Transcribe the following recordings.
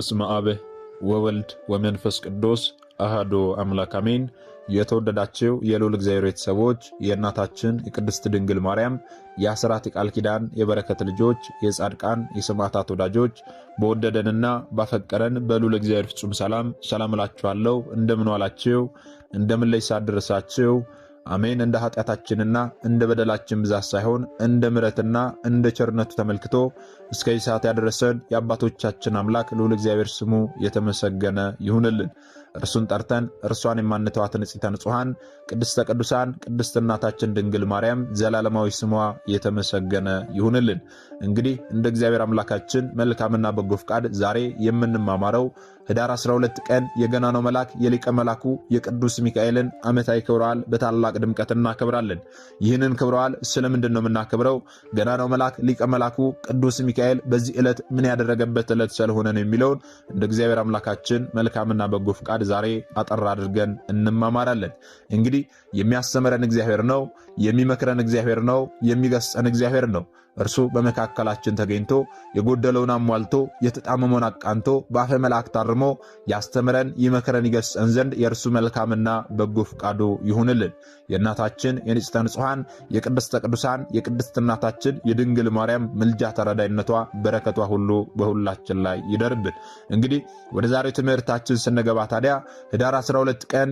በስመ አብ ወወልድ ወመንፈስ ቅዱስ አሃዶ አምላክ አሜን። የተወደዳቸው የልዑል እግዚአብሔር ቤተሰቦች የእናታችን የቅድስት ድንግል ማርያም የአስራት የቃል ኪዳን የበረከት ልጆች የጻድቃን የሰማዕታት ወዳጆች በወደደንና ባፈቀረን በልዑል እግዚአብሔር ፍጹም ሰላም ሰላም እላችኋለሁ። እንደምን ዋላችሁ? እንደምን ለይሳ ሳደረሳችሁ አሜን። እንደ ኃጢአታችንና እንደ በደላችን ብዛት ሳይሆን እንደ ምረትና እንደ ቸርነቱ ተመልክቶ እስከዚህ ሰዓት ያደረሰን የአባቶቻችን አምላክ ልዑል እግዚአብሔር ስሙ የተመሰገነ ይሁንልን። እርሱን ጠርተን እርሷን የማንተዋት ንጽሕተ ንጹሐን ቅድስተ ቅዱሳን ቅድስት እናታችን ድንግል ማርያም ዘላለማዊ ስሟ የተመሰገነ ይሁንልን። እንግዲህ እንደ እግዚአብሔር አምላካችን መልካምና በጎ ፍቃድ ዛሬ የምንማማረው ህዳር 12 ቀን የገናነው መልአክ የሊቀ መላኩ የቅዱስ ሚካኤልን ዓመታዊ ክብረ በዓል በታላቅ ድምቀት እናከብራለን። ይህንን ክብረ በዓል ስለምንድን ነው የምናከብረው? ገናነው መልአክ ሊቀ መላኩ ቅዱስ ሚካኤል በዚህ ዕለት ምን ያደረገበት ዕለት ስለሆነ ነው የሚለውን እንደ እግዚአብሔር አምላካችን መልካምና በጎ ፍቃድ ፈቃድ ዛሬ አጠር አድርገን እንማማራለን። እንግዲህ የሚያስተምረን እግዚአብሔር ነው፣ የሚመክረን እግዚአብሔር ነው፣ የሚገስጸን እግዚአብሔር ነው። እርሱ በመካከላችን ተገኝቶ የጎደለውን አሟልቶ የተጣመመውን አቃንቶ በአፈ መልአክ ታርሞ ያስተምረን ይመክረን ይገስጸን ዘንድ የእርሱ መልካምና በጎ ፍቃዱ ይሁንልን። የእናታችን የንጽተ ንጹሐን የቅድስተ ቅዱሳን የቅድስት እናታችን የድንግል ማርያም ምልጃ ተረዳይነቷ በረከቷ ሁሉ በሁላችን ላይ ይደርብን። እንግዲህ ወደ ዛሬው ትምህርታችን ስንገባ ታዲያ ህዳር 12 ቀን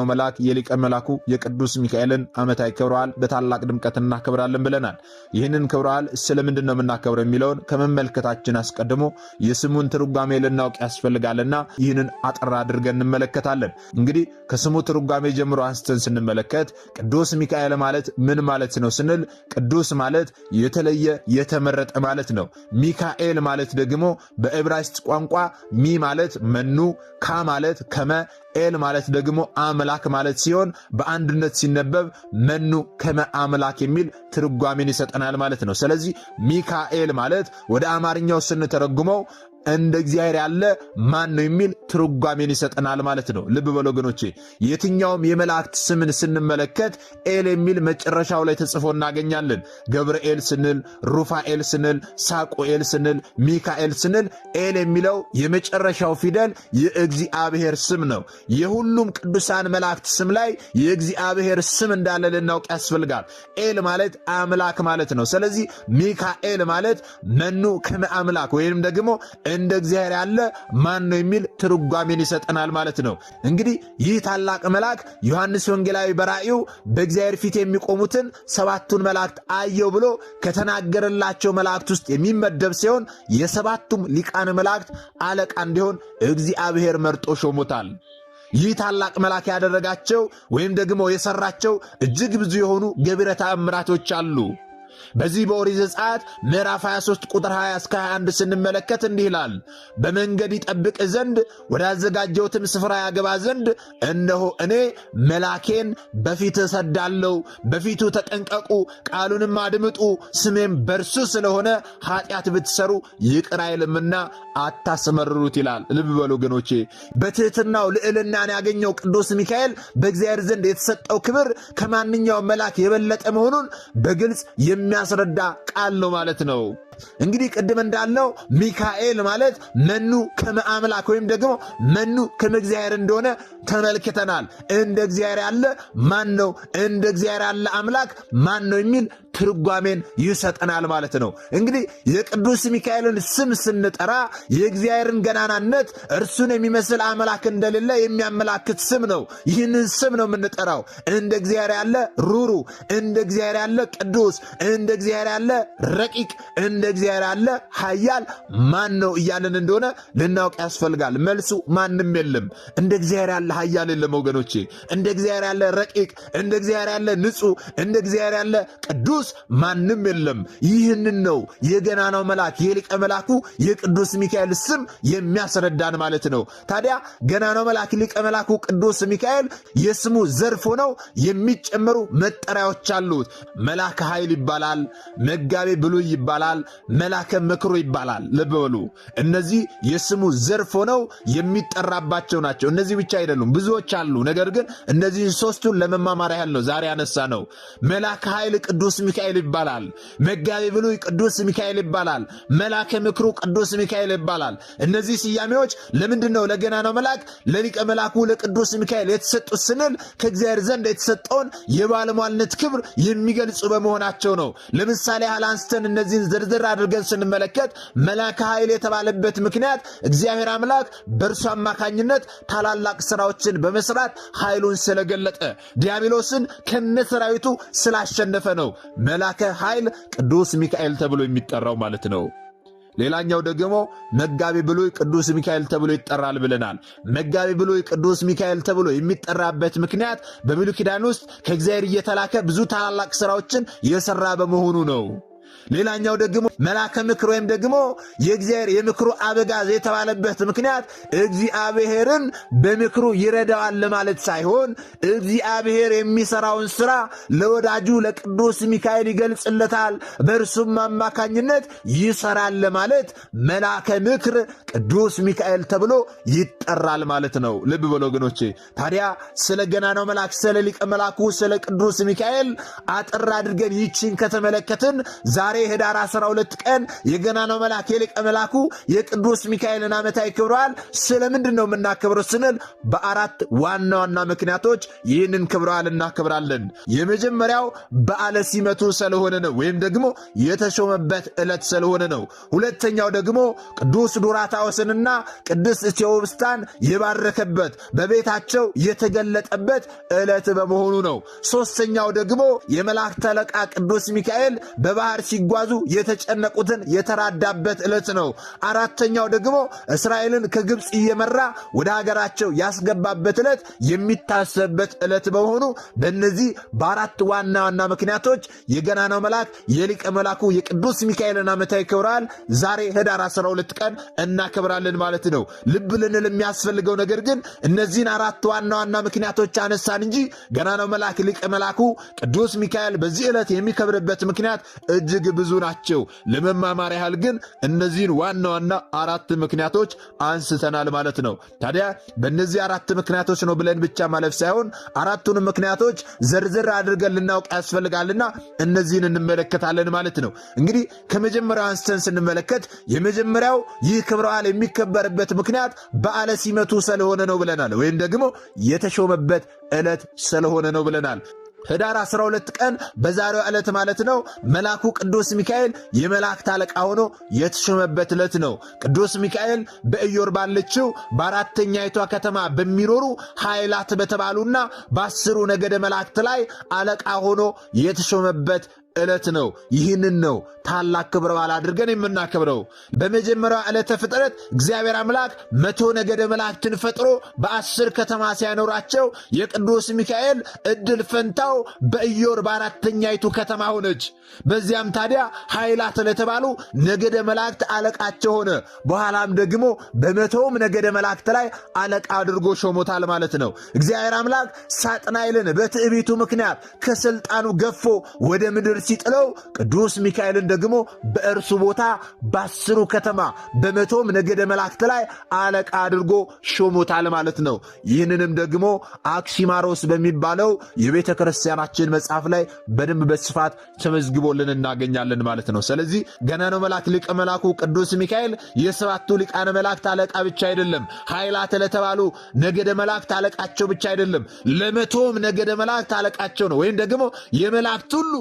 ነው መልአክ የሊቀ መላኩ የቅዱስ ሚካኤልን ዓመታዊ ክብረ በዓል በታላቅ ድምቀት እናከብራለን ብለናል። ይህንን ክብረ በዓል ስለምንድን ነው የምናከብረው የሚለውን ከመመልከታችን አስቀድሞ የስሙን ትርጓሜ ልናውቅ ያስፈልጋልና ይህንን አጠራ አድርገን እንመለከታለን። እንግዲህ ከስሙ ትርጓሜ ጀምሮ አንስተን ስንመለከት ቅዱስ ሚካኤል ማለት ምን ማለት ነው ስንል ቅዱስ ማለት የተለየ የተመረጠ ማለት ነው። ሚካኤል ማለት ደግሞ በዕብራይስጥ ቋንቋ ሚ ማለት መኑ፣ ካ ማለት ከመ ኤል ማለት ደግሞ አምላክ ማለት ሲሆን በአንድነት ሲነበብ መኑ ከመ አምላክ የሚል ትርጓሜን ይሰጠናል ማለት ነው። ስለዚህ ሚካኤል ማለት ወደ አማርኛው ስንተረጉመው እንደ እግዚአብሔር ያለ ማን ነው የሚል ትርጓሜን ይሰጠናል ማለት ነው። ልብ በሉ ወገኖቼ፣ የትኛውም የመላእክት ስምን ስንመለከት ኤል የሚል መጨረሻው ላይ ተጽፎ እናገኛለን። ገብርኤል ስንል፣ ሩፋኤል ስንል፣ ሳቁኤል ስንል፣ ሚካኤል ስንል ኤል የሚለው የመጨረሻው ፊደል የእግዚአብሔር ስም ነው። የሁሉም ቅዱሳን መላእክት ስም ላይ የእግዚአብሔር ስም እንዳለ ልናውቅ ያስፈልጋል። ኤል ማለት አምላክ ማለት ነው። ስለዚህ ሚካኤል ማለት መኑ ከመ አምላክ ወይም ደግሞ እንደ እግዚአብሔር ያለ ማን ነው የሚል ትርጓሜን ይሰጠናል ማለት ነው። እንግዲህ ይህ ታላቅ መልአክ ዮሐንስ ወንጌላዊ በራእዩ በእግዚአብሔር ፊት የሚቆሙትን ሰባቱን መላእክት አየው ብሎ ከተናገረላቸው መላእክት ውስጥ የሚመደብ ሲሆን የሰባቱም ሊቃነ መላእክት አለቃ እንዲሆን እግዚአብሔር መርጦ ሾሞታል። ይህ ታላቅ መልአክ ያደረጋቸው ወይም ደግሞ የሰራቸው እጅግ ብዙ የሆኑ ገቢረ ተአምራቶች አሉ። በዚህ በኦሪት ዘጸአት ምዕራፍ 23 ቁጥር 20 እስከ 21 ስንመለከት እንዲህ ይላል፣ በመንገድ ይጠብቅ ዘንድ ወዳዘጋጀውትም ስፍራ ያገባ ዘንድ እነሆ እኔ መላኬን በፊት እሰዳለሁ። በፊቱ ተጠንቀቁ፣ ቃሉንም አድምጡ። ስሜም በእርሱ ስለሆነ ኃጢአት ብትሰሩ ይቅር አይልምና አታስመርሩት ይላል። ልብ በሉ ወገኖቼ፣ በትህትናው ልዕልናን ያገኘው ቅዱስ ሚካኤል በእግዚአብሔር ዘንድ የተሰጠው ክብር ከማንኛውም መልአክ የበለጠ መሆኑን በግልጽ የሚያ የሚያስረዳ ቃል ነው ማለት ነው። እንግዲህ ቅድም እንዳለው ሚካኤል ማለት መኑ ከመአምላክ ወይም ደግሞ መኑ ከመእግዚአብሔር እንደሆነ ተመልክተናል። እንደ እግዚአብሔር ያለ ማን ነው? እንደ እግዚአብሔር ያለ አምላክ ማን ነው? የሚል ትርጓሜን ይሰጠናል ማለት ነው። እንግዲህ የቅዱስ ሚካኤልን ስም ስንጠራ የእግዚአብሔርን ገናናነት እርሱን የሚመስል አምላክ እንደሌለ የሚያመላክት ስም ነው። ይህንን ስም ነው የምንጠራው። እንደ እግዚአብሔር ያለ ሩሩ፣ እንደ እግዚአብሔር ያለ ቅዱስ፣ እንደ እግዚአብሔር ያለ ረቂቅ እንደ እግዚአብሔር ያለ ኃያል ማን ነው እያለን እንደሆነ ልናውቅ ያስፈልጋል። መልሱ ማንም የለም። እንደ እግዚአብሔር ያለ ኃያል የለም ወገኖቼ። እንደ እግዚአብሔር ያለ ረቂቅ፣ እንደ እግዚአብሔር ያለ ንጹህ እንደ እግዚአብሔር ያለ ቅዱስ ማንም የለም። ይህንን ነው የገናናው መልአክ የሊቀ መልአኩ የቅዱስ ሚካኤል ስም የሚያስረዳን ማለት ነው። ታዲያ ገናናው መልአክ ሊቀ መልአኩ ቅዱስ ሚካኤል የስሙ ዘርፍ ሆነው የሚጨመሩ መጠሪያዎች አሉት። መልአከ ኃይል ይባላል። መጋቤ ብሉይ ይባላል። መላከ ምክሩ ይባላል። ልብ በሉ። እነዚህ የስሙ ዘርፍ ሆነው የሚጠራባቸው ናቸው። እነዚህ ብቻ አይደሉም፣ ብዙዎች አሉ። ነገር ግን እነዚህን ሶስቱን ለመማማር ያህል ነው ዛሬ ያነሳ ነው። መላከ ኃይል ቅዱስ ሚካኤል ይባላል። መጋቢ ብሉይ ቅዱስ ሚካኤል ይባላል። መላከ ምክሩ ቅዱስ ሚካኤል ይባላል። እነዚህ ስያሜዎች ለምንድን ነው ለገና ነው መልአክ ለሊቀ መልአኩ ለቅዱስ ሚካኤል የተሰጡት ስንል ከእግዚአብሔር ዘንድ የተሰጠውን የባለሟልነት ክብር የሚገልጹ በመሆናቸው ነው። ለምሳሌ ያህል አንስተን እነዚህን ዝርዝር አድርገን ስንመለከት መላከ ኃይል የተባለበት ምክንያት እግዚአብሔር አምላክ በእርሱ አማካኝነት ታላላቅ ስራዎችን በመስራት ኃይሉን ስለገለጠ ዲያብሎስን ከነሰራዊቱ ስላሸነፈ ነው መላከ ኃይል ቅዱስ ሚካኤል ተብሎ የሚጠራው ማለት ነው። ሌላኛው ደግሞ መጋቢ ብሉይ ቅዱስ ሚካኤል ተብሎ ይጠራል ብለናል። መጋቢ ብሉይ ቅዱስ ሚካኤል ተብሎ የሚጠራበት ምክንያት በብሉይ ኪዳን ውስጥ ከእግዚአብሔር እየተላከ ብዙ ታላላቅ ስራዎችን የሰራ በመሆኑ ነው። ሌላኛው ደግሞ መላከ ምክር ወይም ደግሞ የእግዚአብሔር የምክሩ አበጋዝ የተባለበት ምክንያት እግዚአብሔርን በምክሩ ይረዳዋል ለማለት ሳይሆን እግዚአብሔር የሚሰራውን ስራ ለወዳጁ ለቅዱስ ሚካኤል ይገልጽለታል፣ በእርሱም አማካኝነት ይሰራል ለማለት መላከ ምክር ቅዱስ ሚካኤል ተብሎ ይጠራል ማለት ነው። ልብ በሎ ወገኖቼ። ታዲያ ስለ ገናናው መልአክ ስለ ሊቀ መልአኩ ስለ ቅዱስ ሚካኤል አጠር አድርገን ይችን ከተመለከትን ዛሬ ዛሬ ህዳር 12 ቀን የገናናው መልአክ የሊቀ መልአኩ የቅዱስ ሚካኤልን ዓመታዊ ክብረ ስለምንድን ነው የምናከብረው ስንል በአራት ዋና ዋና ምክንያቶች ይህንን ክብረዋል እናከብራለን። የመጀመሪያው በዓለ ሲመቱ ስለሆነ ነው፣ ወይም ደግሞ የተሾመበት ዕለት ስለሆነ ነው። ሁለተኛው ደግሞ ቅዱስ ዱራታዎስንና ቅድስት ኢቴዎብስታን የባረከበት በቤታቸው የተገለጠበት ዕለት በመሆኑ ነው። ሦስተኛው ደግሞ የመላእክት አለቃ ቅዱስ ሚካኤል በባህር ሲጓዙ የተጨነቁትን የተራዳበት ዕለት ነው። አራተኛው ደግሞ እስራኤልን ከግብፅ እየመራ ወደ ሀገራቸው ያስገባበት ዕለት የሚታሰብበት ዕለት በመሆኑ በእነዚህ በአራት ዋና ዋና ምክንያቶች የገናናው መልአክ የሊቀ መልአኩ የቅዱስ ሚካኤልን ዓመታዊ ክብረ በዓል ዛሬ ህዳር 12 ቀን እናከብራለን ማለት ነው። ልብ ልንል የሚያስፈልገው ነገር ግን እነዚህን አራት ዋና ዋና ምክንያቶች አነሳን እንጂ ገናናው መልአክ ሊቀ መልአኩ ቅዱስ ሚካኤል በዚህ ዕለት የሚከብርበት ምክንያት እጅግ ብዙ ናቸው። ለመማማር ያህል ግን እነዚህን ዋና ዋና አራት ምክንያቶች አንስተናል ማለት ነው። ታዲያ በእነዚህ አራት ምክንያቶች ነው ብለን ብቻ ማለፍ ሳይሆን አራቱን ምክንያቶች ዝርዝር አድርገን ልናውቅ ያስፈልጋልና እነዚህን እንመለከታለን ማለት ነው። እንግዲህ ከመጀመሪያው አንስተን ስንመለከት የመጀመሪያው ይህ ክብረ በዓል የሚከበርበት ምክንያት በዓለ ሲመቱ ስለሆነ ነው ብለናል። ወይም ደግሞ የተሾመበት ዕለት ስለሆነ ነው ብለናል። ህዳር 12 ቀን በዛሬው ዕለት ማለት ነው መልአኩ ቅዱስ ሚካኤል የመላእክት አለቃ ሆኖ የተሾመበት ዕለት ነው። ቅዱስ ሚካኤል በእዮር ባለችው በአራተኛይቷ ከተማ በሚኖሩ ኃይላት በተባሉና በአስሩ ነገደ መላእክት ላይ አለቃ ሆኖ የተሾመበት ዕለት ነው። ይህንን ነው ታላቅ ክብረ በዓል አድርገን የምናከብረው። በመጀመሪያው ዕለተ ፍጥረት እግዚአብሔር አምላክ መቶ ነገደ መላእክትን ፈጥሮ በአስር ከተማ ሲያኖራቸው የቅዱስ ሚካኤል እድል ፈንታው በኢዮር በአራተኛይቱ ከተማ ሆነች። በዚያም ታዲያ ኃይላት ለተባሉ ነገደ መላእክት አለቃቸው ሆነ። በኋላም ደግሞ በመቶውም ነገደ መላእክት ላይ አለቃ አድርጎ ሾሞታል ማለት ነው። እግዚአብሔር አምላክ ሳጥናይልን በትዕቢቱ ምክንያት ከስልጣኑ ገፎ ወደ ምድር ሲጥለው ቅዱስ ሚካኤልን ደግሞ በእርሱ ቦታ በአስሩ ከተማ በመቶም ነገደ መላእክት ላይ አለቃ አድርጎ ሾሞታል ማለት ነው። ይህንንም ደግሞ አክሲማሮስ በሚባለው የቤተ ክርስቲያናችን መጽሐፍ ላይ በደንብ በስፋት ተመዝግቦልን እናገኛለን ማለት ነው። ስለዚህ ገናነው መላክ ሊቀ መላኩ ቅዱስ ሚካኤል የሰባቱ ሊቃነ መላእክት አለቃ ብቻ አይደለም። ኃይላተ ለተባሉ ነገደ መላእክት አለቃቸው ብቻ አይደለም። ለመቶም ነገደ መላእክት አለቃቸው ነው ወይም ደግሞ የመላእክት ሁሉ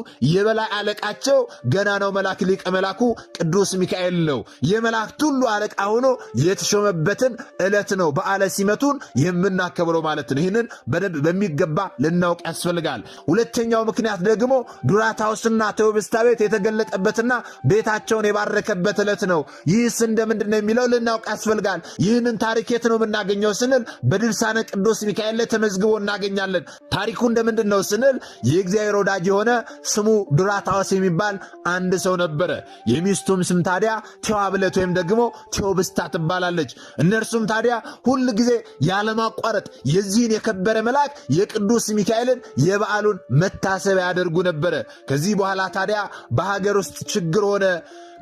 የበላይ አለቃቸው ገና ነው መልአክ ሊቀ መላኩ ቅዱስ ሚካኤል ነው። የመላእክት ሁሉ አለቃ ሆኖ የተሾመበትን ዕለት ነው በዓለ ሲመቱን የምናከብረው ማለት ነው። ይህንን በደንብ በሚገባ ልናውቅ ያስፈልጋል። ሁለተኛው ምክንያት ደግሞ ዱራታውስና ቴዎብስታ ቤት የተገለጠበትና ቤታቸውን የባረከበት ዕለት ነው። ይህስ እንደምንድን ነው የሚለው ልናውቅ ያስፈልጋል። ይህንን ታሪክ የት ነው የምናገኘው ስንል በድርሳነ ቅዱስ ሚካኤል ላይ ተመዝግቦ እናገኛለን። ታሪኩ እንደምንድን ነው ስንል የእግዚአብሔር ወዳጅ የሆነ ስሙ ዱራታዎስ የሚባል አንድ ሰው ነበረ። የሚስቱም ስም ታዲያ ቴዋብለት ወይም ደግሞ ቴዎብስታ ትባላለች። እነርሱም ታዲያ ሁል ጊዜ ያለማቋረጥ የዚህን የከበረ መልአክ የቅዱስ ሚካኤልን የበዓሉን መታሰቢያ ያደርጉ ነበረ። ከዚህ በኋላ ታዲያ በሀገር ውስጥ ችግር ሆነ።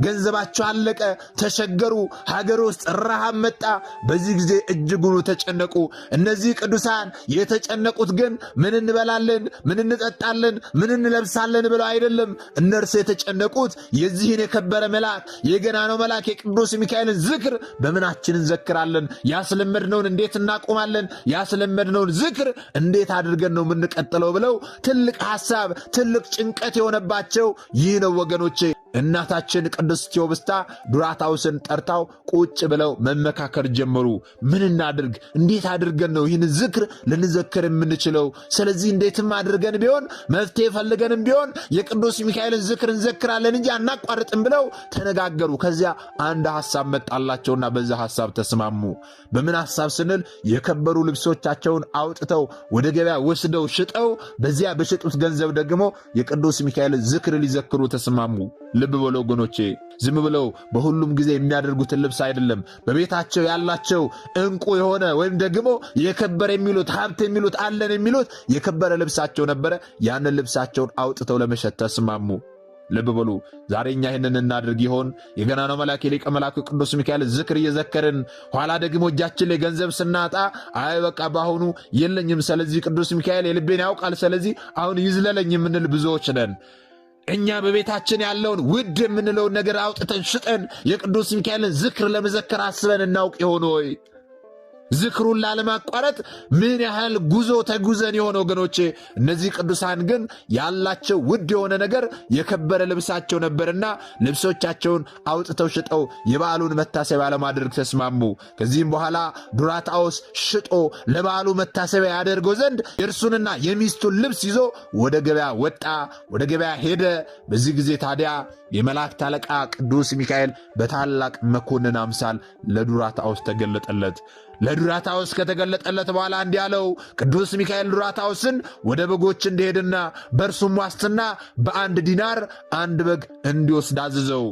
ገንዘባቸው አለቀ፣ ተቸገሩ፣ ሀገር ውስጥ ረሃብ መጣ። በዚህ ጊዜ እጅጉኑ ተጨነቁ። እነዚህ ቅዱሳን የተጨነቁት ግን ምን እንበላለን፣ ምን እንጠጣለን፣ ምን እንለብሳለን ብለው አይደለም። እነርሱ የተጨነቁት የዚህን የከበረ መልአክ የገናነው መልአክ የቅዱስ ሚካኤልን ዝክር በምናችን እንዘክራለን፣ ያስለመድነውን እንዴት እናቆማለን፣ ያስለመድነውን ዝክር እንዴት አድርገን ነው የምንቀጥለው ብለው ትልቅ ሀሳብ ትልቅ ጭንቀት የሆነባቸው ይህ ነው ወገኖቼ። እናታችን ቅድስት ቴዎብስታ ዱራታውስን ጠርታው ቁጭ ብለው መመካከር ጀመሩ። ምን እናድርግ? እንዴት አድርገን ነው ይህን ዝክር ልንዘክር የምንችለው? ስለዚህ እንዴትም አድርገን ቢሆን መፍትሄ ፈልገንም ቢሆን የቅዱስ ሚካኤልን ዝክር እንዘክራለን እንጂ አናቋርጥም ብለው ተነጋገሩ። ከዚያ አንድ ሐሳብ መጣላቸውና በዛ ሐሳብ ተስማሙ። በምን ሐሳብ ስንል የከበሩ ልብሶቻቸውን አውጥተው ወደ ገበያ ወስደው ሽጠው በዚያ በሸጡት ገንዘብ ደግሞ የቅዱስ ሚካኤል ዝክር ሊዘክሩ ተስማሙ። ልብ በሉ ወገኖቼ፣ ዝም ብለው በሁሉም ጊዜ የሚያደርጉትን ልብስ አይደለም። በቤታቸው ያላቸው እንቁ የሆነ ወይም ደግሞ የከበረ የሚሉት ሀብት የሚሉት አለን የሚሉት የከበረ ልብሳቸው ነበረ። ያንን ልብሳቸውን አውጥተው ለመሸጥ ተስማሙ። ልብ በሉ ዛሬ እኛ ይህንን እናድርግ ይሆን? የገናናው መላክ ሊቀ መላኩ ቅዱስ ሚካኤል ዝክር እየዘከርን ኋላ ደግሞ እጃችን ላይ ገንዘብ ስናጣ አይ በቃ በአሁኑ የለኝም፣ ስለዚህ ቅዱስ ሚካኤል የልቤን ያውቃል፣ ስለዚህ አሁን ይዝለለኝ የምንል ብዙዎች ነን። እኛ በቤታችን ያለውን ውድ የምንለውን ነገር አውጥተን ሽጠን የቅዱስ ሚካኤልን ዝክር ለመዘከር አስበን እናውቅ የሆነ ወይ? ዝክሩን ላለማቋረጥ ምን ያህል ጉዞ ተጉዘን የሆነ ወገኖቼ። እነዚህ ቅዱሳን ግን ያላቸው ውድ የሆነ ነገር የከበረ ልብሳቸው ነበርና ልብሶቻቸውን አውጥተው ሽጠው የበዓሉን መታሰቢያ ለማድረግ ተስማሙ። ከዚህም በኋላ ዱራታዎስ ሽጦ ለበዓሉ መታሰቢያ ያደርገው ዘንድ የእርሱንና የሚስቱን ልብስ ይዞ ወደ ገበያ ወጣ፣ ወደ ገበያ ሄደ። በዚህ ጊዜ ታዲያ የመላእክት አለቃ ቅዱስ ሚካኤል በታላቅ መኮንን አምሳል ለዱራታዎስ ተገለጠለት። ለዱራታውስ ከተገለጠለት በኋላ እንዲህ አለው፣ ቅዱስ ሚካኤል ዱራታውስን ወደ በጎች እንዲሄድና በእርሱም ዋስትና በአንድ ዲናር አንድ በግ እንዲወስድ አዝዘው፣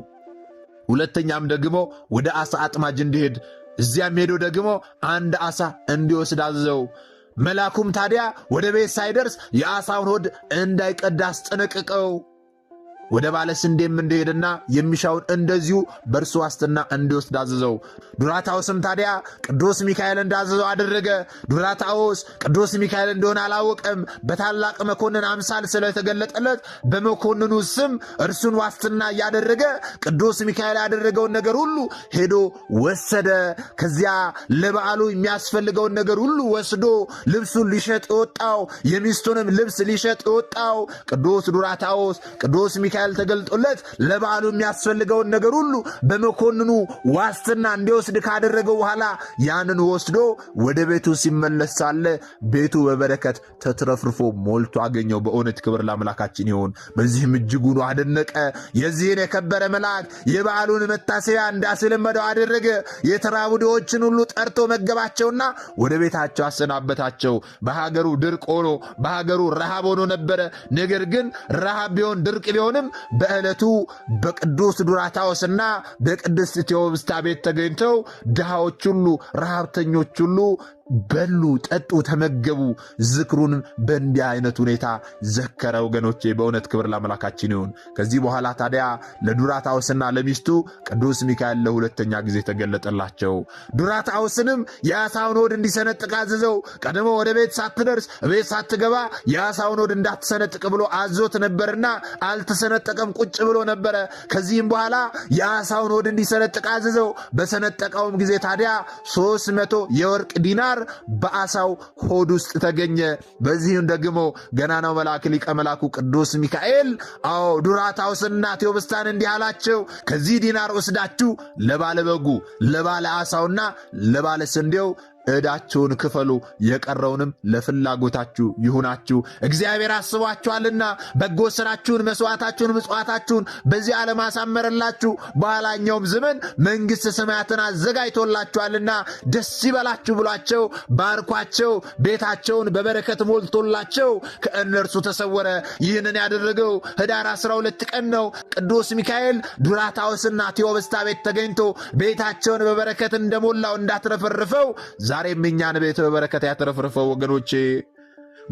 ሁለተኛም ደግሞ ወደ ዓሣ አጥማጅ እንዲሄድ እዚያም ሄዶ ደግሞ አንድ ዓሣ እንዲወስድ አዝዘው። መልአኩም ታዲያ ወደ ቤት ሳይደርስ የዓሣውን ሆድ እንዳይቀዳ አስጠነቅቀው። ወደ ባለ ስንዴም እንደሄደና የሚሻውን እንደዚሁ በእርሱ ዋስትና እንዲወስድ አዘዘው። ዱራታውስም ታዲያ ቅዱስ ሚካኤል እንዳዘዘው አደረገ። ዱራታውስ ቅዱስ ሚካኤል እንደሆነ አላወቀም። በታላቅ መኮንን አምሳል ስለተገለጠለት በመኮንኑ ስም እርሱን ዋስትና እያደረገ ቅዱስ ሚካኤል ያደረገውን ነገር ሁሉ ሄዶ ወሰደ። ከዚያ ለበዓሉ የሚያስፈልገውን ነገር ሁሉ ወስዶ ልብሱን ሊሸጥ የወጣው የሚስቱንም ልብስ ሊሸጥ የወጣው ቅዱስ ዱራታውስ ቅዱስ ሚካኤል ተገልጦለት ለበዓሉ የሚያስፈልገውን ነገር ሁሉ በመኮንኑ ዋስትና እንዲወስድ ካደረገው በኋላ ያንን ወስዶ ወደ ቤቱ ሲመለስ ሳለ ቤቱ በበረከት ተትረፍርፎ ሞልቶ አገኘው። በእውነት ክብር ለአምላካችን ይሆን። በዚህም እጅጉኑ አደነቀ። የዚህን የከበረ መልአክ የበዓሉን መታሰቢያ እንዳስለመደው አደረገ። የተራቡ ድሆችን ሁሉ ጠርቶ መገባቸውና ወደ ቤታቸው አሰናበታቸው። በሀገሩ ድርቅ ሆኖ በሀገሩ ረሃብ ሆኖ ነበረ። ነገር ግን ረሃብ ቢሆን ድርቅ ቢሆንም ሊቃውንትም በዕለቱ በቅዱስ ዱራታዎስና በቅድስት ቴዎብስታ ቤት ተገኝተው ድሃዎች ሁሉ፣ ረሃብተኞች ሁሉ በሉ፣ ጠጡ፣ ተመገቡ። ዝክሩን በእንዲህ አይነት ሁኔታ ዘከረ። ወገኖቼ በእውነት ክብር ለአምላካችን ይሁን። ከዚህ በኋላ ታዲያ ለዱራታውስና ለሚስቱ ቅዱስ ሚካኤል ለሁለተኛ ጊዜ ተገለጠላቸው። ዱራታውስንም የአሳውን ሆድ እንዲሰነጥቅ አዘዘው። ቀድሞ ወደ ቤት ሳትደርስ ቤት ሳትገባ የአሳውን ሆድ እንዳትሰነጥቅ ብሎ አዞት ነበርና አልተሰነጠቀም፣ ቁጭ ብሎ ነበረ። ከዚህም በኋላ የአሳውን ሆድ እንዲሰነጥቅ አዘዘው። በሰነጠቀውም ጊዜ ታዲያ ሶስት መቶ የወርቅ ዲናር ማር በአሳው ሆድ ውስጥ ተገኘ። በዚህም ደግሞ ገናናው መልአክ ሊቀ መላኩ ቅዱስ ሚካኤል አዎ ዱራታውስና ቴዎብስታን እንዲህ አላቸው፣ ከዚህ ዲናር ወስዳችሁ ለባለ በጉ ለባለ አሳውና ለባለ ስንዴው ዕዳችሁን ክፈሉ፣ የቀረውንም ለፍላጎታችሁ ይሁናችሁ። እግዚአብሔር አስቧችኋልና በጎ ስራችሁን፣ መስዋዕታችሁን፣ ምጽዋታችሁን በዚህ ዓለም አሳመረላችሁ። በኋላኛውም ዘመን መንግሥተ ሰማያትን አዘጋጅቶላችኋልና ደስ ይበላችሁ ብሏቸው ባርኳቸው፣ ቤታቸውን በበረከት ሞልቶላቸው ከእነርሱ ተሰወረ። ይህንን ያደረገው ኅዳር 12 ቀን ነው። ቅዱስ ሚካኤል ዱራታውስና ቴዎብስታ ቤት ተገኝቶ ቤታቸውን በበረከት እንደሞላው እንዳትረፈርፈው ዛሬም እኛን ቤት በበረከት ያትረፍርፈው ወገኖቼ።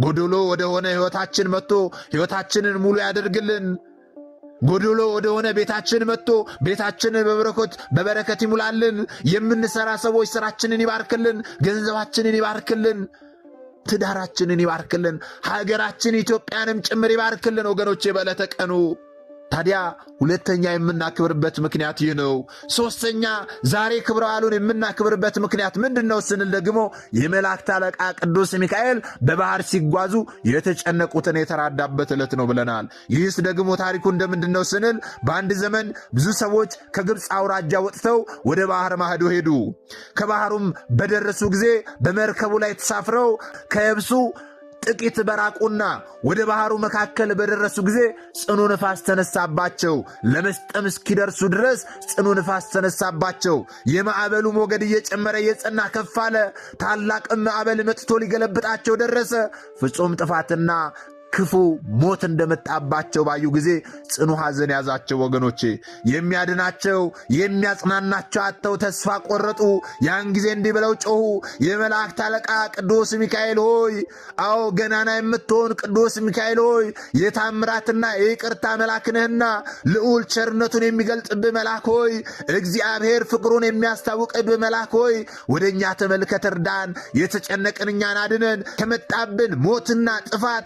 ጎዶሎ ወደሆነ ሕይወታችን መጥቶ ሕይወታችንን ሙሉ ያደርግልን። ጎዶሎ ወደሆነ ቤታችን መጥቶ ቤታችንን በበረከት በበረከት ይሙላልን። የምንሰራ ሰዎች ስራችንን ይባርክልን፣ ገንዘባችንን ይባርክልን፣ ትዳራችንን ይባርክልን፣ ሀገራችን ኢትዮጵያንም ጭምር ይባርክልን ወገኖቼ በዕለተ ቀኑ ታዲያ ሁለተኛ የምናክብርበት ምክንያት ይህ ነው። ሶስተኛ ዛሬ ክብረ በዓሉን የምናክብርበት ምክንያት ምንድን ነው ስንል ደግሞ የመላእክት አለቃ ቅዱስ ሚካኤል በባህር ሲጓዙ የተጨነቁትን የተራዳበት ዕለት ነው ብለናል። ይህስ ደግሞ ታሪኩ እንደምንድን ነው ስንል በአንድ ዘመን ብዙ ሰዎች ከግብፅ አውራጃ ወጥተው ወደ ባህር ማህዶ ሄዱ። ከባህሩም በደረሱ ጊዜ በመርከቡ ላይ ተሳፍረው ከየብሱ ጥቂት በራቁና ወደ ባሕሩ መካከል በደረሱ ጊዜ ጽኑ ንፋስ ተነሳባቸው። ለመስጠም እስኪደርሱ ድረስ ጽኑ ንፋስ ተነሳባቸው። የማዕበሉ ሞገድ እየጨመረ እየጸና ከፍ አለ። ታላቅም ማዕበል መጥቶ ሊገለብጣቸው ደረሰ። ፍጹም ጥፋትና ክፉ ሞት እንደመጣባቸው ባዩ ጊዜ ጽኑ ሐዘን ያዛቸው። ወገኖቼ የሚያድናቸው የሚያጽናናቸው አጥተው ተስፋ ቆረጡ። ያን ጊዜ እንዲህ ብለው ጮኹ፣ የመላእክት አለቃ ቅዱስ ሚካኤል ሆይ፣ አዎ ገናና የምትሆን ቅዱስ ሚካኤል ሆይ፣ የታምራትና የይቅርታ መልአክ ነህና ልዑል ቸርነቱን የሚገልጽብህ መልአክ ሆይ፣ እግዚአብሔር ፍቅሩን የሚያስታውቅብህ መልአክ ሆይ፣ ወደ እኛ ተመልከት፣ እርዳን፣ የተጨነቅን እኛን አድነን፣ ከመጣብን ሞትና ጥፋት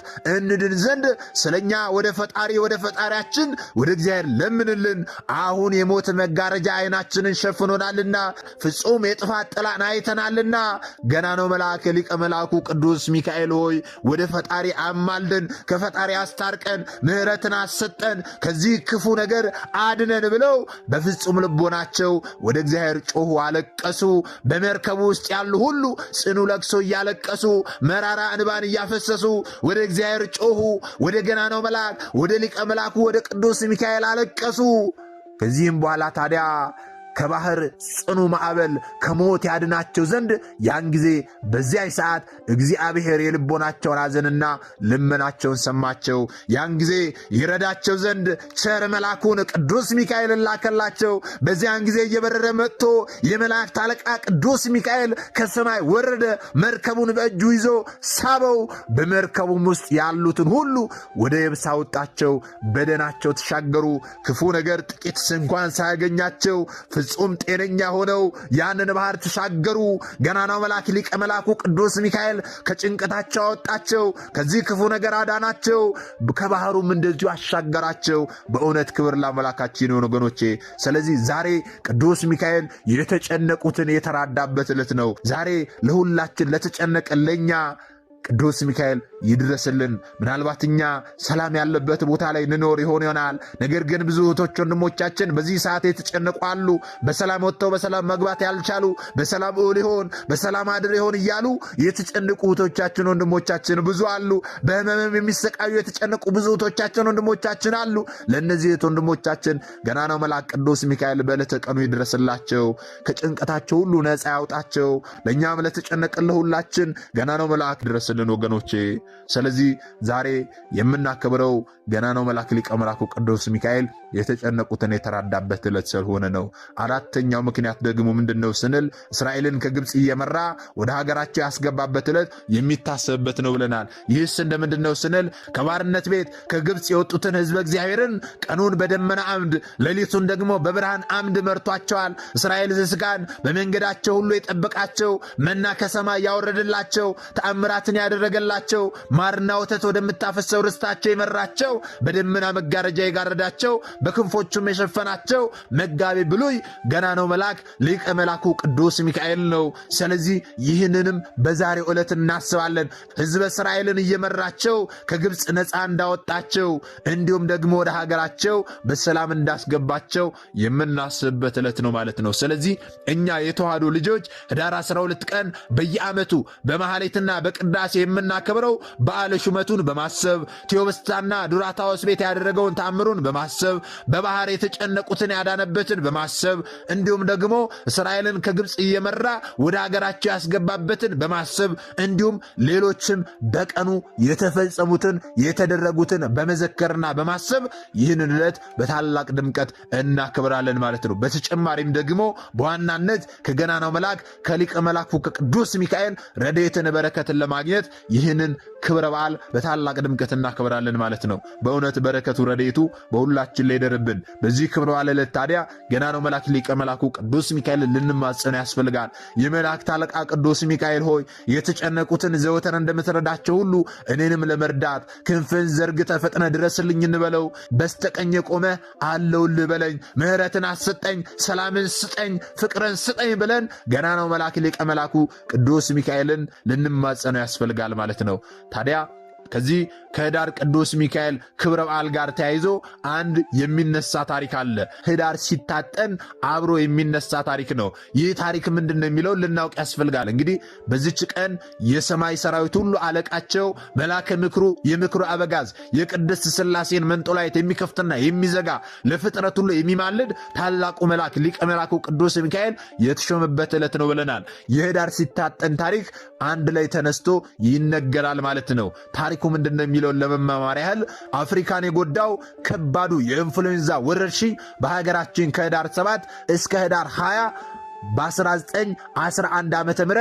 እንድድን ዘንድ ስለኛ ወደ ፈጣሪ ወደ ፈጣሪያችን ወደ እግዚአብሔር ለምንልን። አሁን የሞት መጋረጃ አይናችንን ሸፍኖናልና ፍጹም የጥፋት ጥላን አይተናልና። ገና ነው መልአክ ሊቀ መልአኩ ቅዱስ ሚካኤል ሆይ ወደ ፈጣሪ አማልደን፣ ከፈጣሪ አስታርቀን፣ ምሕረትን አሰጠን፣ ከዚህ ክፉ ነገር አድነን ብለው በፍጹም ልቦናቸው ወደ እግዚአብሔር ጮሁ፣ አለቀሱ። በመርከቡ ውስጥ ያሉ ሁሉ ጽኑ ለቅሶ እያለቀሱ መራራ እንባን እያፈሰሱ ወደ እግዚአብሔር ጮ ጮኹ። ወደ ነው መልአክ ወደ ሊቀ መልአኩ ወደ ቅዱስ ሚካኤል አለቀሱ። ከዚህም በኋላ ታዲያ ከባህር ጽኑ ማዕበል ከሞት ያድናቸው ዘንድ ያን ጊዜ በዚያ ሰዓት እግዚአብሔር የልቦናቸውን አዘንና ልመናቸውን ሰማቸው። ያን ጊዜ ይረዳቸው ዘንድ ቸር መልአኩን ቅዱስ ሚካኤልን ላከላቸው። በዚያን ጊዜ እየበረረ መጥቶ የመላእክት አለቃ ቅዱስ ሚካኤል ከሰማይ ወረደ። መርከቡን በእጁ ይዞ ሳበው። በመርከቡም ውስጥ ያሉትን ሁሉ ወደ የብስ አወጣቸው። በደናቸው ተሻገሩ። ክፉ ነገር ጥቂት እንኳን ሳያገኛቸው ፍጹም ጤነኛ ሆነው ያንን ባህር ተሻገሩ። ገናናው መልአክ ሊቀ መልአኩ ቅዱስ ሚካኤል ከጭንቀታቸው አወጣቸው፣ ከዚህ ክፉ ነገር አዳናቸው፣ ከባህሩም እንደዚሁ አሻገራቸው። በእውነት ክብር ለአምላካችን የሆኑ ወገኖቼ፣ ስለዚህ ዛሬ ቅዱስ ሚካኤል የተጨነቁትን የተራዳበት ዕለት ነው። ዛሬ ለሁላችን ለተጨነቀ ለእኛ ቅዱስ ሚካኤል ይድረስልን። ምናልባት እኛ ሰላም ያለበት ቦታ ላይ ንኖር ይሆን ይሆናል። ነገር ግን ብዙ እህቶች ወንድሞቻችን በዚህ ሰዓት የተጨነቁ አሉ። በሰላም ወጥተው በሰላም መግባት ያልቻሉ በሰላም እውል ይሆን በሰላም አድር ይሆን እያሉ የተጨነቁ እህቶቻችን ወንድሞቻችን ብዙ አሉ። በህመምም የሚሰቃዩ የተጨነቁ ብዙ እህቶቻችን ወንድሞቻችን አሉ። ለእነዚህ እህት ወንድሞቻችን ገና ነው መልአክ ቅዱስ ሚካኤል በዕለተ ቀኑ ይድረስላቸው፣ ከጭንቀታቸው ሁሉ ነፃ ያውጣቸው። ለእኛም ለተጨነቅን ለሁላችን ገና ነው መልአክ ድረስልን ወገኖቼ ስለዚህ ዛሬ የምናከብረው ነው መልአክ ሊቀ መላኩ ቅዱስ ሚካኤል የተጨነቁትን የተራዳበት ዕለት ስለሆነ ነው። አራተኛው ምክንያት ደግሞ ምንድን ነው ስንል እስራኤልን ከግብፅ እየመራ ወደ ሀገራቸው ያስገባበት ዕለት የሚታሰብበት ነው ብለናል። ይህስ እንደምንድን ነው ስንል ከባርነት ቤት ከግብፅ የወጡትን ህዝብ እግዚአብሔርን ቀኑን በደመና አምድ ሌሊቱን ደግሞ በብርሃን አምድ መርቷቸዋል። እስራኤል ስጋን በመንገዳቸው ሁሉ የጠበቃቸው መና ከሰማይ ያወረደላቸው ተአምራትን ያደረገላቸው ማርና ወተት ወደምታፈሰው ርስታቸው የመራቸው በደመና መጋረጃ የጋረዳቸው በክንፎቹም የሸፈናቸው መጋቤ ብሉይ ገና ነው መልአክ ሊቀ መልአኩ ቅዱስ ሚካኤል ነው። ስለዚህ ይህንንም በዛሬ ዕለት እናስባለን። ሕዝበ እስራኤልን እየመራቸው ከግብፅ ነፃ እንዳወጣቸው እንዲሁም ደግሞ ወደ ሀገራቸው በሰላም እንዳስገባቸው የምናስብበት ዕለት ነው ማለት ነው። ስለዚህ እኛ የተዋህዶ ልጆች ህዳር 12 ቀን በየዓመቱ በማኅሌትና በቅዳሴ የምናከብረው በዓለ ሹመቱን በማሰብ ቴዎብስታና ዱራታዎስ ቤት ያደረገውን ታምሩን በማሰብ በባህር የተጨነቁትን ያዳነበትን በማሰብ እንዲሁም ደግሞ እስራኤልን ከግብፅ እየመራ ወደ ሀገራቸው ያስገባበትን በማሰብ እንዲሁም ሌሎችም በቀኑ የተፈጸሙትን የተደረጉትን በመዘከርና በማሰብ ይህንን ዕለት በታላቅ ድምቀት እናክብራለን ማለት ነው። በተጨማሪም ደግሞ በዋናነት ከገናናው መልአክ ከሊቀ መላኩ ከቅዱስ ሚካኤል ረድኤትን በረከትን ለማግኘት ይህንን ክብረ በዓል በታላቅ ድምቀት እናክብራለን ማለት ነው። በእውነት በረከቱ ረድኤቱ በሁላችን ላይ ይደርብን። በዚህ ክብረ በዓለ ዕለት ታዲያ ገና ነው መልአክ ሊቀ መላኩ ቅዱስ ሚካኤል ልንማጸን ያስፈልጋል። የመላእክት አለቃ ቅዱስ ሚካኤል ሆይ የተጨነቁትን ዘወትር እንደምትረዳቸው ሁሉ እኔንም ለመርዳት ክንፍን ዘርግተ ፈጥነ ድረስልኝ እንበለው። በስተቀኝ ቆመ አለውልህ በለኝ፣ ምሕረትን አሰጠኝ፣ ሰላምን ስጠኝ፣ ፍቅርን ስጠኝ ብለን ገና ነው መልአክ ሊቀ መላኩ ቅዱስ ሚካኤልን ልንማጸነው ያስፈልጋል ማለት ነው ታዲያ ከዚህ ከህዳር ቅዱስ ሚካኤል ክብረ በዓል ጋር ተያይዞ አንድ የሚነሳ ታሪክ አለ። ህዳር ሲታጠን አብሮ የሚነሳ ታሪክ ነው። ይህ ታሪክ ምንድን ነው የሚለው ልናውቅ ያስፈልጋል። እንግዲህ በዚች ቀን የሰማይ ሰራዊት ሁሉ አለቃቸው መላከ ምክሩ የምክሩ አበጋዝ የቅድስት ስላሴን መንጦላየት የሚከፍትና የሚዘጋ ለፍጥረት ሁሉ የሚማልድ ታላቁ መልአክ ሊቀ መልአኩ ቅዱስ ሚካኤል የተሾመበት ዕለት ነው ብለናል። የህዳር ሲታጠን ታሪክ አንድ ላይ ተነስቶ ይነገራል ማለት ነው። ታሪክ ታሪኩ ምንድን ነው የሚለውን ለመማማር ያህል አፍሪካን የጎዳው ከባዱ የኢንፍሉዌንዛ ወረርሽኝ በሀገራችን ከህዳር 7 እስከ ህዳር 20 በ1911 ዓ ም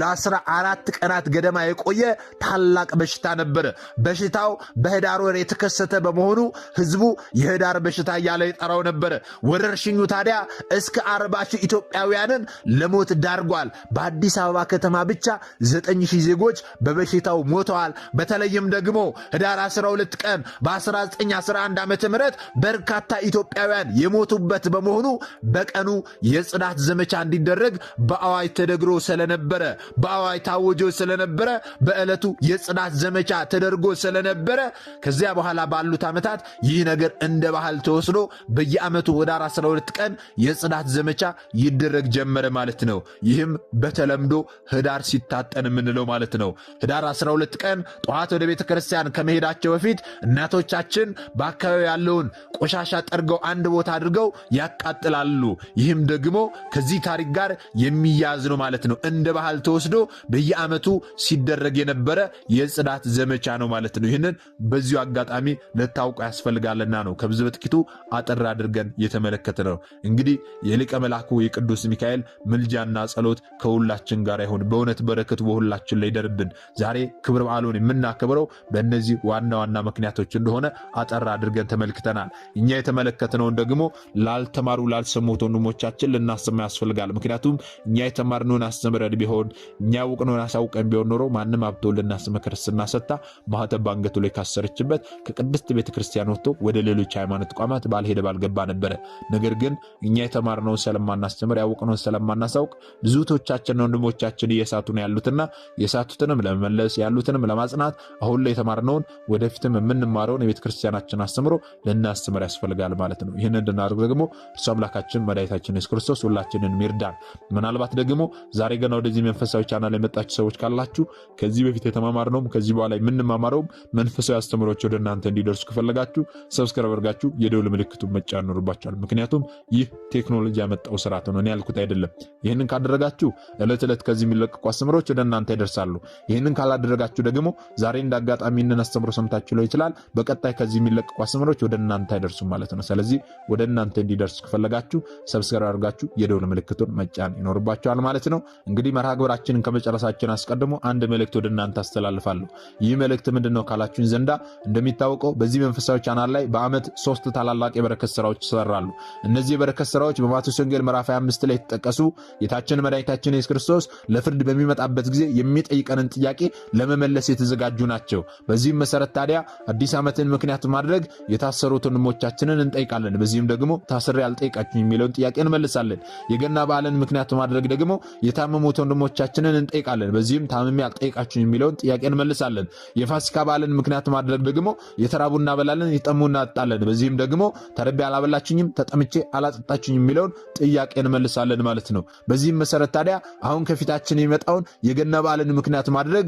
ለ14 ቀናት ገደማ የቆየ ታላቅ በሽታ ነበር። በሽታው በህዳር ወር የተከሰተ በመሆኑ ህዝቡ የህዳር በሽታ እያለ ይጠራው ነበር። ወረርሽኙ ታዲያ እስከ 40 ሺህ ኢትዮጵያውያንን ለሞት ዳርጓል። በአዲስ አበባ ከተማ ብቻ 9 ሺህ ዜጎች በበሽታው ሞተዋል። በተለይም ደግሞ ህዳር 12 ቀን በ1911 ዓ ም በርካታ ኢትዮጵያውያን የሞቱበት በመሆኑ በቀኑ የጽዳት ዘመቻ እንዲደረግ በአዋጅ ተደግሮ ስለነበረ በአዋጅ ታውጆ ስለነበረ በዕለቱ የጽዳት ዘመቻ ተደርጎ ስለነበረ ከዚያ በኋላ ባሉት ዓመታት ይህ ነገር እንደ ባህል ተወስዶ በየዓመቱ ወደ 12 ቀን የጽዳት ዘመቻ ይደረግ ጀመረ ማለት ነው። ይህም በተለምዶ ህዳር ሲታጠን የምንለው ማለት ነው። ህዳር 12 ቀን ጠዋት ወደ ቤተ ክርስቲያን ከመሄዳቸው በፊት እናቶቻችን በአካባቢ ያለውን ቆሻሻ ጠርገው አንድ ቦታ አድርገው ያቃጥላሉ። ይህም ደግሞ ከዚህ ታሪክ ጋር የሚያያዝ ነው ማለት ነው። እንደ ባህል ተወስዶ በየዓመቱ ሲደረግ የነበረ የጽዳት ዘመቻ ነው ማለት ነው። ይህንን በዚሁ አጋጣሚ ልታውቁ ያስፈልጋልና ነው ከብዙ በጥቂቱ አጠር አድርገን የተመለከተ ነው። እንግዲህ የሊቀ መልአኩ የቅዱስ ሚካኤል ምልጃና ጸሎት ከሁላችን ጋር ይሁን። በእውነት በረከቱ በሁላችን ላይ ይደርብን። ዛሬ ክብረ በዓሉን የምናከብረው በእነዚህ ዋና ዋና ምክንያቶች እንደሆነ አጠር አድርገን ተመልክተናል። እኛ የተመለከትነውን ደግሞ ላልተማሩ ላልሰሙት ወንድሞቻችን ልናሰማ ያስፈልጋል ያስፈልጋል። ምክንያቱም እኛ የተማርነውን አስተምረን ቢሆን እኛ ያወቅነውን አሳውቀን ቢሆን ኖሮ ማንም ሀብተወልድና ስመ ስናሰታ ሰጥታ ማህተብ በአንገቱ ላይ ካሰረችበት ከቅድስት ቤተክርስቲያን ወጥቶ ወደ ሌሎች ሃይማኖት ተቋማት ባልሄደ ባልገባ ነበረ። ነገር ግን እኛ የተማርነውን ስለማናስተምር ያወቅነውን ስለማናሳውቅ ብዙቶቻችንና ወንድሞቻችን እየሳቱ ነው ያሉትና የሳቱትንም ለመመለስ ያሉትንም ለማጽናት አሁን ላይ የተማርነውን ወደፊትም የምንማረውን የቤተክርስቲያናችን አስተምሮ ልናስተምር ያስፈልጋል ማለት ነው። ይህን እንድናደርግ ደግሞ እርሱ አምላካችን መድኃኒታችን ኢየሱስ ክርስቶስ ሁላችንን ይርዳን። ምናልባት ደግሞ ዛሬ ገና ወደዚህ መንፈሳዊ ቻናል የመጣችሁ ሰዎች ካላችሁ ከዚህ በፊት የተማማርነውም ከዚህ በኋላ የምንማማረውም መንፈሳዊ አስተምሮች ወደ እናንተ እንዲደርሱ ከፈለጋችሁ ሰብስክራይብ አድርጋችሁ የደውል ምልክቱ መጫ ይኖርባችኋል። ምክንያቱም ይህ ቴክኖሎጂ ያመጣው ስርዓት ነው፣ እኔ ያልኩት አይደለም። ይህንን ካደረጋችሁ እለት ዕለት ከዚህ የሚለቀቁ አስተምሮች ወደ እናንተ ይደርሳሉ። ይህንን ካላደረጋችሁ ደግሞ ዛሬ እንደ አጋጣሚ ይህንን አስተምሮ ሰምታችሁ ሊሆን ይችላል፣ በቀጣይ ከዚህ የሚለቀቁ አስተምሮች ወደ እናንተ አይደርሱም ማለት ነው። ስለዚህ ወደ እናንተ እንዲደርሱ ከፈለጋችሁ ሰብስክራይብ አድርጋችሁ የደውል ምልክቱ ምልክቱን መጫን ይኖርባቸዋል ማለት ነው። እንግዲህ መርሃ ግብራችንን ከመጨረሳችን አስቀድሞ አንድ መልእክት ወደ እናንተ አስተላልፋለሁ። ይህ መልእክት ምንድን ነው ካላችሁን ዘንዳ እንደሚታወቀው በዚህ መንፈሳዊ ቻናል ላይ በአመት ሶስት ታላላቅ የበረከት ስራዎች ይሰራሉ። እነዚህ የበረከት ስራዎች በማቴዎስ ወንጌል ምዕራፍ 25 ላይ የተጠቀሱ ጌታችን መድኃኒታችን ኢየሱስ ክርስቶስ ለፍርድ በሚመጣበት ጊዜ የሚጠይቀንን ጥያቄ ለመመለስ የተዘጋጁ ናቸው። በዚህም መሰረት ታዲያ አዲስ ዓመትን ምክንያት ማድረግ የታሰሩት ወንድሞቻችንን እንጠይቃለን። በዚህም ደግሞ ታስሬ አልጠይቃችሁ የሚለውን ጥያቄ እንመልሳለን። የገና በዓልን ምክንያት በማድረግ ደግሞ የታመሙት ወንድሞቻችንን እንጠይቃለን። በዚህም ታምሜ አልጠይቃችሁ የሚለውን ጥያቄ እንመልሳለን። የፋሲካ በዓልን ምክንያት ማድረግ ደግሞ የተራቡ እናበላለን፣ የጠሙ እናጠጣለን። በዚህም ደግሞ ተርቤ አላበላችኝም፣ ተጠምቼ አላጠጣችኝ የሚለውን ጥያቄ እንመልሳለን ማለት ነው። በዚህም መሰረት ታዲያ አሁን ከፊታችን የሚመጣውን የገና በዓልን ምክንያት ማድረግ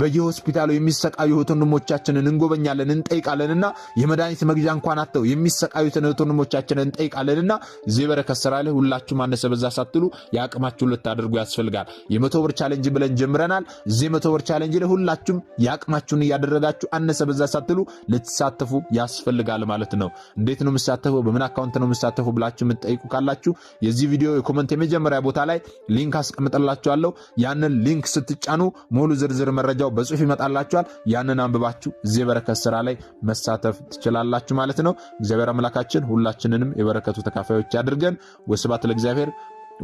በየሆስፒታሉ የሚሰቃዩ እህት ወንድሞቻችንን እንጎበኛለን፣ እንጠይቃለንና የመድኃኒት መግዣ እንኳን አተው የሚሰቃዩትን እህት ወንድሞቻችንን እንጠይቃለንና እዚህ በረከት ስራ ላይ ሁላችሁ ማነሰ በዛ ሳትሉ የአቅማችሁ ልታደርጉ ያስፈልጋል። የመቶ ብር ቻለንጅ ብለን ጀምረናል። እዚህ የመቶ ብር ቻለንጅ ላይ ሁላችሁም የአቅማችሁን እያደረጋችሁ አነሰ በዛ ሳትሉ ልትሳተፉ ያስፈልጋል ማለት ነው። እንዴት ነው የምሳተፈው፣ በምን አካውንት ነው የምሳተፈው ብላችሁ የምትጠይቁ ካላችሁ የዚህ ቪዲዮ የኮመንት የመጀመሪያ ቦታ ላይ ሊንክ አስቀምጠላችኋለሁ። ያንን ሊንክ ስትጫኑ ሙሉ ዝርዝር መረጃ መረጃው በጽሁፍ ይመጣላችኋል። ያንን አንብባችሁ እዚህ የበረከት ስራ ላይ መሳተፍ ትችላላችሁ ማለት ነው። እግዚአብሔር አምላካችን ሁላችንንም የበረከቱ ተካፋዮች ያድርገን። ወስብሐት ለእግዚአብሔር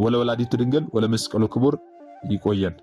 ወለወላዲቱ ድንግል ወለመስቀሉ ክቡር። ይቆየን።